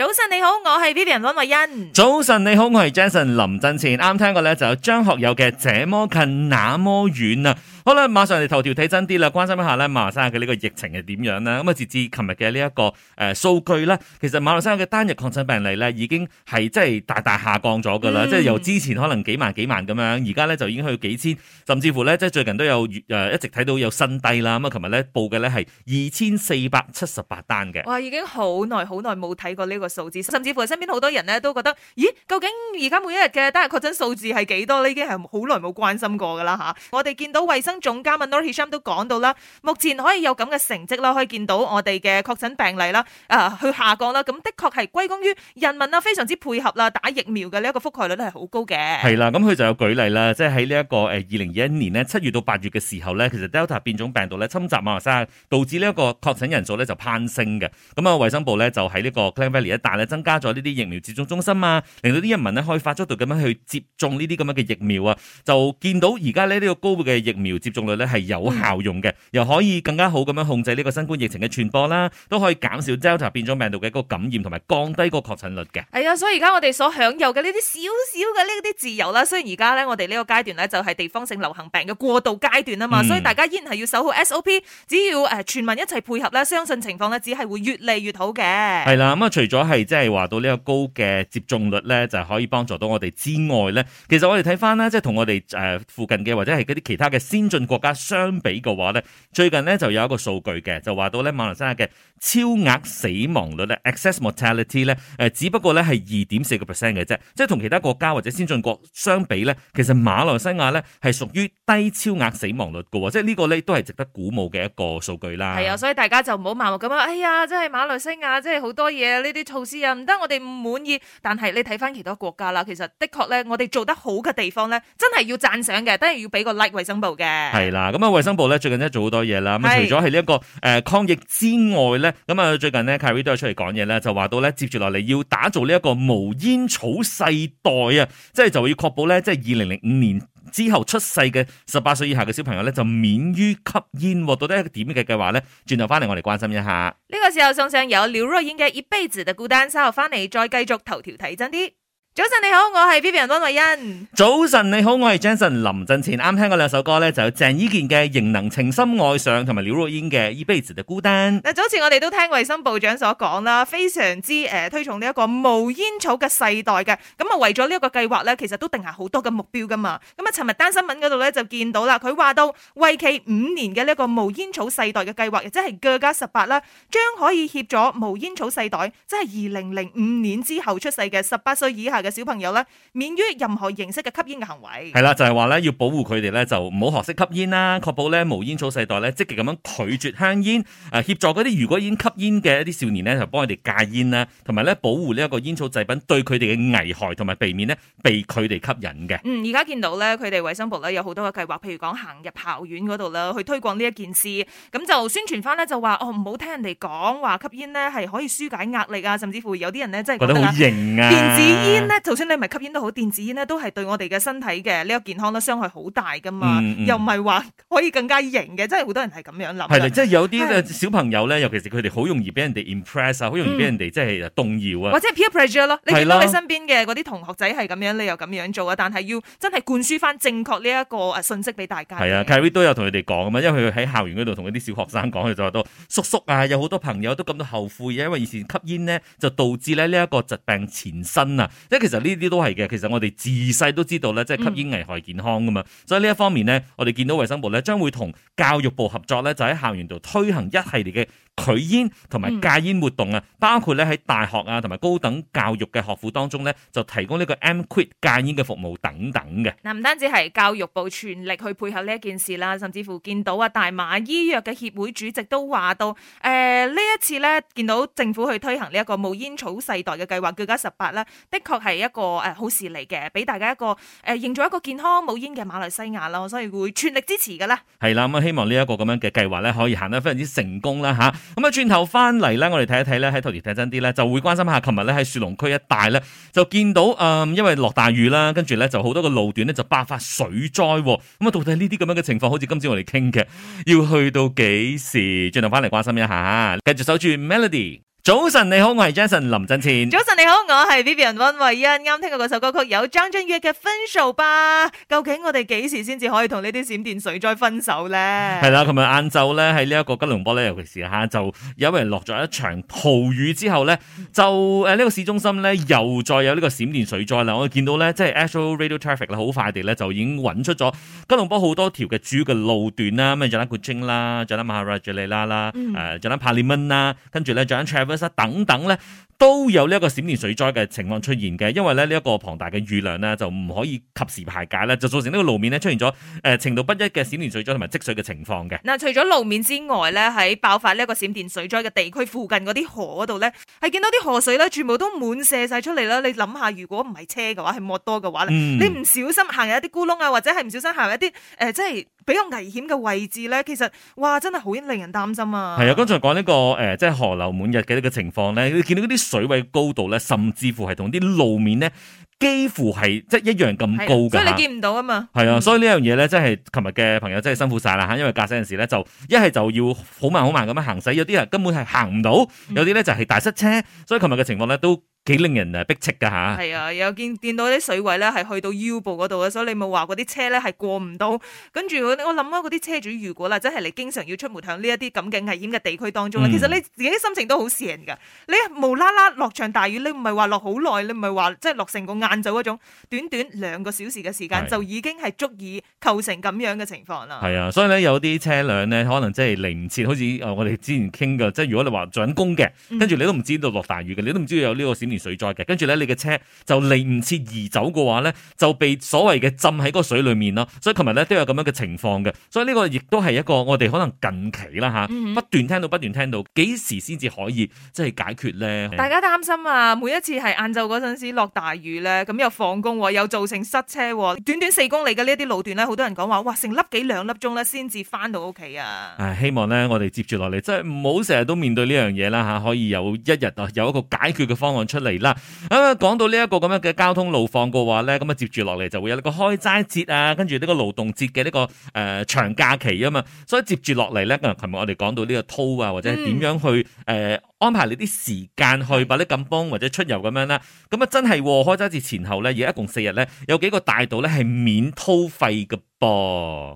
早晨你好，我係 Vivian 林慧欣。早晨你好，我係 Jason 林振前。啱聽過咧，就有張學友嘅《這麼近那麼遠》啊。好啦，馬上嚟頭條睇真啲啦，關心一下咧馬來西亞嘅呢個疫情係點樣啦。咁啊，截至琴日嘅呢一個誒數、呃、據咧，其實馬來西亞嘅單日確診病例咧已經係即係大大下降咗噶啦，即、嗯、係由之前可能幾萬幾萬咁樣，而家咧就已經去幾千，甚至乎咧即係最近都有誒、呃、一直睇到有新低啦。咁啊，琴日咧報嘅咧係二千四百七十八單嘅。哇，已經好耐好耐冇睇過呢個數字，甚至乎身邊好多人咧都覺得，咦？究竟而家每一日嘅單日確診數字係幾多呢？已經係好耐冇關心過噶啦吓。我哋見到衛生。總監 Noor Hisham 都講到啦，目前可以有咁嘅成績啦，可以見到我哋嘅確診病例啦，啊、呃、去下降啦，咁的確係歸功於人民啦，非常之配合啦，打疫苗嘅呢一個覆蓋率咧係好高嘅。係啦，咁佢就有舉例啦，即係喺呢一個誒二零二一年咧七月到八月嘅時候呢，其實 Delta 變種病毒咧侵襲馬來西亞，導致呢一個確診人數咧就攀升嘅。咁啊衛生部咧就喺呢個 Klang Valley 一帶咧增加咗呢啲疫苗接種中心啊，令到啲人民咧可以快速度咁樣去接種呢啲咁樣嘅疫苗啊，就見到而家咧呢個高嘅疫苗。接種率咧係有效用嘅，又可以更加好咁樣控制呢個新冠疫情嘅傳播啦，都可以減少 Delta 變種病毒嘅一個感染同埋降低個確診率嘅。係、哎、啊，所以而家我哋所享有嘅呢啲少少嘅呢啲自由啦，雖然而家咧我哋呢個階段咧就係地方性流行病嘅過渡階段啊嘛、嗯，所以大家依然係要守好 SOP，只要誒全民一齊配合咧，相信情況咧只係會越嚟越好嘅。係啦，咁啊除咗係即係話到呢個高嘅接種率咧，就可以幫助到我哋之外咧，其實我哋睇翻啦，即係同我哋誒附近嘅或者係嗰啲其他嘅先。進國家相比嘅話咧，最近咧就有一個數據嘅，就話到咧馬來西亞嘅超額死亡率咧，excess mortality 咧，誒，只不過咧係二點四個 percent 嘅啫，即係同其他國家或者先進國相比咧，其實馬來西亞咧係屬於低超額死亡率嘅，即係呢個咧都係值得鼓舞嘅一個數據啦。係啊，所以大家就唔好盲目咁樣，哎呀，即係馬來西亞，即係好多嘢呢啲措施啊，唔得，我哋唔滿意。但係你睇翻其他國家啦，其實的確咧，我哋做得好嘅地方咧，真係要讚賞嘅，真係要俾個 like 衛生部嘅。係啦，咁啊，衛生部咧最近咧做好多嘢啦，咁除咗係呢一個誒抗疫之外咧，咁啊，最近咧，Carrie 都有出嚟講嘢咧，就話到咧，接住落嚟要打造呢一個無煙草世代啊，即係就要確保咧，即係二零零五年之後出世嘅十八歲以下嘅小朋友咧就免於吸煙，到底係一個點嘅計劃咧？轉頭翻嚟我哋關心一下。呢、呢個時候送上有劉若英嘅《一輩子嘅孤單》，稍後翻嚟再繼續頭條睇真啲。早晨你好，我係 Vivian 溫慧欣。早晨你好，我係 Jason 林振前。啱聽過兩首歌咧，就有鄭伊健嘅《仍能情深愛上》同埋劉若英嘅《一輩子的孤單》。嗱，早前我哋都聽衛生部長所講啦，非常之誒、呃、推崇呢一個無煙草嘅世代嘅。咁啊為咗呢一個計劃咧，其實都定下好多嘅目標噶嘛。咁啊，尋日單新聞嗰度咧就見到啦，佢話到為期五年嘅呢一個無煙草世代嘅計劃，亦即係 GEG 18啦，將可以協助無煙草世代，即係二零零五年之後出世嘅十八歲以下嘅。小朋友咧，免於任何形式嘅吸煙嘅行為。係、嗯、啦，就係話咧，要保護佢哋咧，就唔好學識吸煙啦。確保咧無煙草世代咧，積極咁樣拒絕香煙。誒，協助嗰啲如果已經吸煙嘅一啲少年咧，就幫佢哋戒煙啦，同埋咧保護呢一個煙草製品對佢哋嘅危害，同埋避免咧被佢哋吸引嘅。嗯，而家見到咧，佢哋衞生部咧有好多嘅計劃，譬如講行入校園嗰度啦，去推廣呢一件事。咁就宣傳翻咧，就話哦，唔好聽人哋講話吸煙咧，係可以舒解壓力啊，甚至乎有啲人咧真係覺得好型啊，電子煙。咧，就算你咪吸煙都好，電子煙咧都係對我哋嘅身體嘅呢個健康咧傷害好大噶嘛，嗯嗯、又唔係話可以更加型嘅，即係好多人係咁樣諗。係即係有啲小朋友咧，尤其是佢哋好容易俾人哋 impress 啊，好容易俾人哋、嗯、即係動搖啊，或者是 peer pressure 咯。你見到你身邊嘅嗰啲同學仔係咁樣是，你又咁樣做啊，但係要真係灌輸翻正確呢一個誒信息俾大家。係啊，Cary 都有同佢哋講啊嘛，因為佢喺校園嗰度同嗰啲小學生講，佢就話都叔叔啊，有好多朋友都感到後悔，因為以前吸煙咧就導致咧呢一個疾病纏身啊，其實呢啲都係嘅，其實我哋自細都知道咧，即、就、係、是、吸煙危害健康噶嘛、嗯。所以呢一方面呢，我哋見到衛生部咧將會同教育部合作咧，就喺校園度推行一系列嘅拒煙同埋戒煙活動啊、嗯。包括咧喺大學啊同埋高等教育嘅學府當中咧，就提供呢個 M Quit 戒煙嘅服務等等嘅。嗱，唔單止係教育部全力去配合呢一件事啦，甚至乎見到啊大馬醫藥嘅協會主席都話到，誒、呃、呢一次咧見到政府去推行呢一個冇煙草世代嘅計劃，叫加十八啦，的確係。係一個誒好事嚟嘅，俾大家一個誒營、呃、造一個健康冇煙嘅馬來西亞咯，所以會全力支持㗎啦。係啦，咁啊希望呢一個咁樣嘅計劃咧，可以行得非常之成功啦吓。咁啊轉頭翻嚟咧，我哋睇一睇咧喺頭條睇真啲咧，就會關心一下。琴日咧喺雪隆區一帶咧，就見到誒、嗯，因為落大雨啦，跟住咧就好多個路段咧就爆發水災。咁啊，到底呢啲咁樣嘅情況，好似今朝我哋傾嘅，要去到幾時？轉頭翻嚟關心一下，繼續守住 Melody。早晨你好，我係 Jason 林振前。早晨你好，我係 Vivian 溫慧欣。啱聽過嗰首歌曲有《張震嶽嘅分手吧》，究竟我哋幾時先至可以同呢啲閃電水災分手咧？係啦，琴日晏晝咧喺呢一個吉隆坡咧，尤其是吓就因為落咗一場暴雨之後咧，就誒呢個市中心咧又再有呢個閃電水災啦。我見到咧即係 Astro Radio Traffic 好快地咧就已經揾出咗吉隆坡好多條嘅主要嘅路段啦，咩 Jalan Kuching 啦 Jalan Maharajalela 啦，誒 Jalan Parlimen 啦，跟住咧 Jalan 等等咧，都有呢一個閃電水災嘅情況出現嘅，因為咧呢一個龐大嘅雨量呢，就唔可以及時排解咧，就造成呢個路面呢出現咗誒、呃、程度不一嘅閃電水災同埋積水嘅情況嘅。嗱，除咗路面之外咧，喺爆發呢一個閃電水災嘅地區附近嗰啲河嗰度咧，係見到啲河水咧全部都滿瀉晒出嚟啦。你諗下，如果唔係車嘅話，係莫多嘅話咧，你唔小心行入一啲咕窿啊，或者係唔小心行入一啲誒，即係。比較危險嘅位置咧，其實哇，真係好令人擔心啊！係啊，剛才講呢、這個誒，即、呃、係、就是、河流滿溢嘅呢個情況咧，你見到嗰啲水位高度咧，甚至乎係同啲路面咧，幾乎係即係一樣咁高㗎。即係你見唔到啊嘛？係啊、嗯，所以呢樣嘢咧，即係琴日嘅朋友真係辛苦晒啦吓，因為駕駛陣時咧，就一係就要好慢好慢咁樣行駛，有啲人根本係行唔到，有啲咧就係大塞車，所以琴日嘅情況咧都。幾令人啊迫切噶吓，係啊，又見見到啲水位咧係去到腰部嗰度啊，所以你咪話嗰啲車咧係過唔到，跟住我我諗啊，嗰啲車主如果啦，即係你經常要出門響呢一啲咁嘅危險嘅地區當中、嗯、其實你自己的心情都好邪噶，你無啦啦落場大雨，你唔係話落好耐，你唔係話即係落成個晏晝嗰種，短短兩個小時嘅時間就已經係足以構成咁樣嘅情況啦。係啊，所以咧有啲車輛呢，可能即係嚟唔切，好似我哋之前傾嘅，即係如果你話做緊工嘅，跟住你都唔知道落大雨嘅，你都唔知道有呢個閃。水災嘅，跟住咧，你嘅車就嚟唔切移走嘅話咧，就被所謂嘅浸喺嗰水裏面啦。所以琴日咧都有咁樣嘅情況嘅。所以呢個亦都係一個我哋可能近期啦吓，不斷聽到，不斷聽到，幾時先至可以即係解決咧、嗯哎？大家擔心啊，每一次係晏晝嗰陣時落大雨咧，咁又放工，又造成塞車，短短四公里嘅呢一啲路段咧，好多人講話哇，成粒幾兩粒鐘咧先至翻到屋企啊！啊，希望咧我哋接住落嚟，即係唔好成日都面對呢樣嘢啦吓，可以有一日啊有一個解決嘅方案出。嚟啦！咁啊，講到呢一個咁樣嘅交通路況嘅話咧，咁啊接住落嚟，就會有呢個開齋節啊，跟住呢個勞動節嘅呢個誒、呃、長假期啊嘛，所以接住落嚟咧，琴日我哋講到呢個 toll 啊，或者係點樣去誒。呃嗯安排你啲時間去把啲咁幫或者出遊咁樣啦，咁啊真係、哦，開齋節前後咧，而家一共四日咧，有幾個大道咧係免掏費噶噃。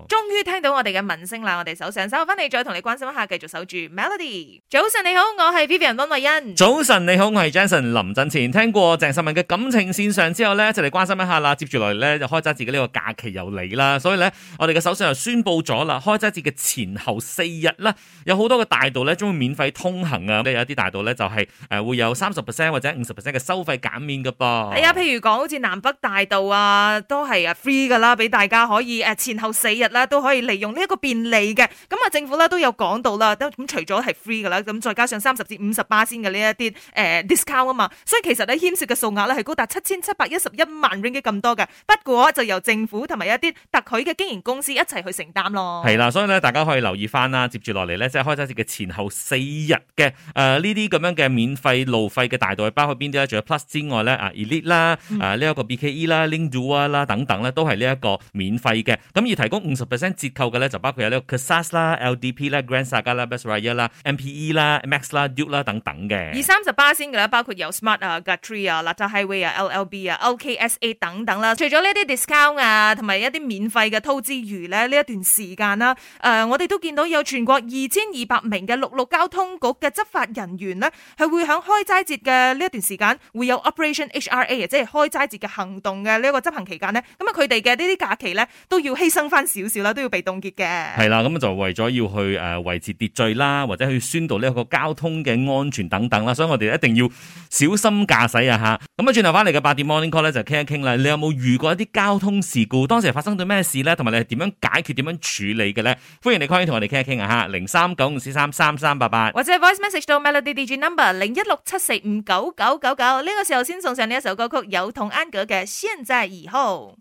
終於聽到我哋嘅民聲啦，我哋首相稍後翻嚟，再同你關心一下，繼續守住 Melody。早晨你好，我係 Vivian 溫慧欣。早晨你好，我係 Jason。林陣前聽過鄭秀文嘅感情線上之後咧，就嚟關心一下啦。接住落嚟咧就開齋節呢個假期又嚟啦，所以咧我哋嘅首相又宣布咗啦，開齋節嘅前後四日啦，有好多嘅大道咧，將會免費通行啊，有啲。大道咧就係誒會有三十 percent 或者五十 percent 嘅收費減免噶噃。哎，係啊，譬如講好似南北大道啊，都係啊 free 噶啦，俾大家可以誒前後四日啦，都可以利用呢一個便利嘅。咁啊，政府咧都有講到啦，咁除咗係 free 噶啦，咁再加上三十至五十巴仙嘅呢一啲誒 discount 啊嘛，所以其實咧牽涉嘅數額咧係高達七千七百一十一萬 ringgit 咁多嘅。不過就由政府同埋一啲特許嘅經營公司一齊去承擔咯。係啦，所以咧大家可以留意翻啦，接住落嚟咧即係開齋節嘅前後四日嘅誒。呃呢啲咁樣嘅免費路費嘅大道，包括邊啲咧？仲有 Plus 之外咧，啊 Elite 啦，啊呢一個 BKE 啦，Linkedua 啦，等等咧，都係呢一個免費嘅。咁要提供五十 percent 折扣嘅咧，就包括有呢個 KESAS 啦、LDP 啦、Grand Saga 啦、Besraya 啦、MPE 啦、Max 啦、Duke 啦等等嘅。而三十巴仙嘅啦，包括有 Smart 啊、Guthrie 啊、LATAR Highway 啊、LLB 啊、OKSA 等等啦。除咗呢啲 discount 啊，同埋一啲免費嘅透支餘咧，呢一段時間啦。誒，我哋都見到有全國二千二百名嘅陸路交通局嘅執法人員咧，係會喺開齋節嘅呢一段時間會有 Operation HRA，即係開齋節嘅行動嘅呢一個執行期間呢，咁啊佢哋嘅呢啲假期呢，都要犧牲翻少少啦，都要被凍結嘅。係啦，咁就為咗要去誒維持秩序啦，或者去宣導呢一個交通嘅安全等等啦，所以我哋一定要小心駕駛啊吓。咁啊轉頭翻嚟嘅八點 Morning Call 咧，就傾一傾啦。你有冇遇過一啲交通事故？當時發生咗咩事呢？同埋你係點樣解決、點樣處理嘅呢？歡迎你可以同我哋傾一傾啊吓，零三九五四三三三八八，或者 Voice Message 到 Melody D D G Number 零一六七四五九九九九，呢個時候先送上呢首歌曲，有同安 n 的現嘅《在以後